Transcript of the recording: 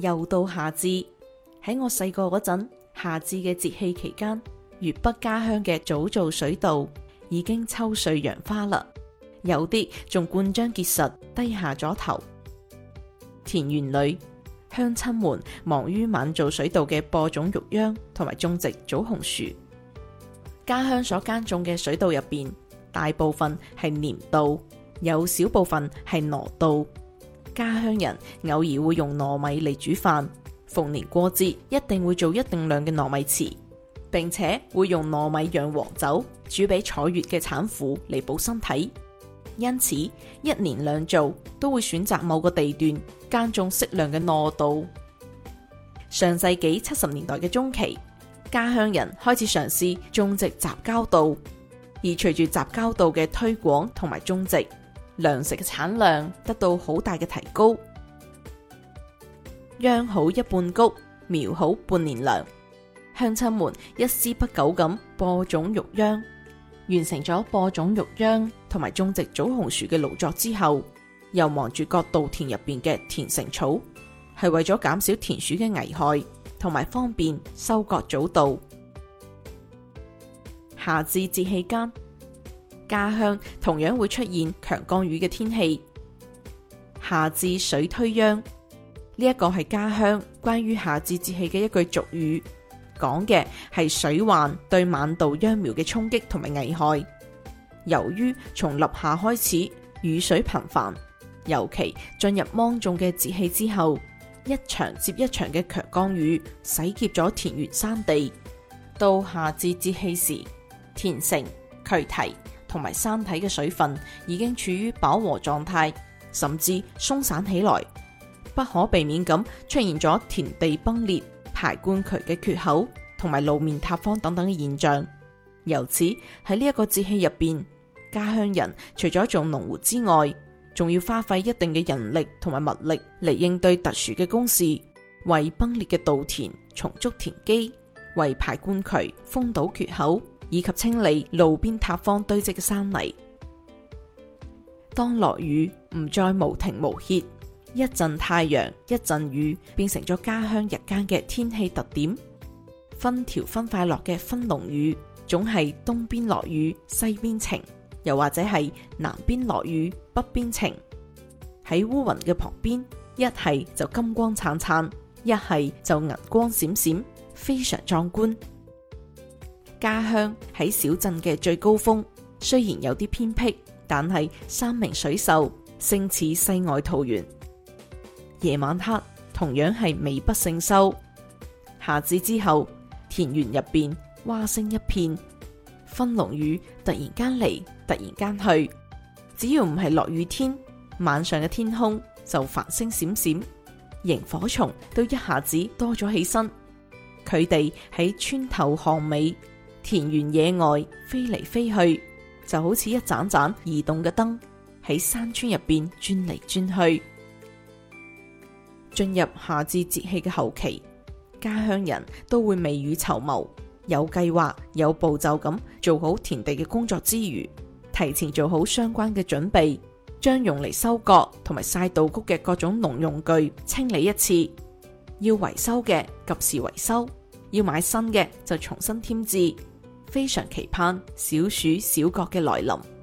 又到夏至，喺我細個嗰陣，夏至嘅節氣期間，粵北家鄉嘅早造水稻已經抽穗揚花啦，有啲仲灌漿結實，低下咗頭。田園裏，鄉親們忙於晚造水稻嘅播種育秧同埋種植早紅樹。家鄉所耕種嘅水稻入邊，大部分係黏稻，有小部分係糯稻。家鄉人偶爾會用糯米嚟煮飯，逢年過節一定會做一定量嘅糯米糍，並且會用糯米釀黃酒煮俾坐月嘅產婦嚟補身體。因此，一年兩造都會選擇某個地段耕種適量嘅糯稻。上世紀七十年代嘅中期，家鄉人開始嘗試種植雜交稻，而隨住雜交稻嘅推廣同埋種植。糧食嘅產量得到好大嘅提高，秧好一半谷，苗好半年糧。鄉親們一絲不苟咁播種育秧，完成咗播種育秧同埋種植棗紅樹嘅勞作之後，又忙住割稻田入邊嘅田成草，係為咗減少田鼠嘅危害，同埋方便收割早稻。夏至節氣間。家鄉同樣會出現強降雨嘅天氣。夏至水推秧，呢一個係家鄉關於夏至節氣嘅一句俗語，講嘅係水患對晚稻秧苗嘅衝擊同埋危害。由於從立夏開始雨水頻繁，尤其進入芒種嘅節氣之後，一場接一場嘅強降雨，洗劫咗田園山地。到夏至節氣時，田城渠堤，同埋山體嘅水分已經處於飽和狀態，甚至鬆散起來，不可避免咁出現咗田地崩裂、排灌渠嘅缺口同埋路面塌方等等嘅現象。由此喺呢一個節氣入邊，家鄉人除咗做農活之外，仲要花費一定嘅人力同埋物力嚟應對特殊嘅工事，為崩裂嘅稻田重築田基，為排灌渠封堵缺口。以及清理路邊塌方堆積嘅山泥。當落雨唔再無停無歇，一陣太陽一陣雨，變成咗家鄉日間嘅天氣特點。分條分快落嘅分龍雨，總係東邊落雨西邊晴，又或者係南邊落雨北邊晴。喺烏雲嘅旁邊，一係就金光燦燦，一係就銀光閃閃，非常壯觀。家鄉喺小鎮嘅最高峰，雖然有啲偏僻，但係山明水秀，勝似世外桃源。夜晚黑，同樣係美不勝收。夏至之後，田園入邊蛙聲一片，分龍雨突然間嚟，突然間去。只要唔係落雨天，晚上嘅天空就繁星閃閃，螢火蟲都一下子多咗起身。佢哋喺村頭巷尾，田園野外飛嚟飛去，就好似一盞盞移動嘅燈，喺山村入邊轉嚟轉去。進入夏至節氣嘅後期，家鄉人都會未雨綢繆，有計劃、有步驟咁做好田地嘅工作之餘，提前做好相關嘅準備，將用嚟收割同埋晒稻谷嘅各種農用具清理一次，要維修嘅及時維修。要買新嘅就重新添置，非常期盼小暑小角嘅來臨。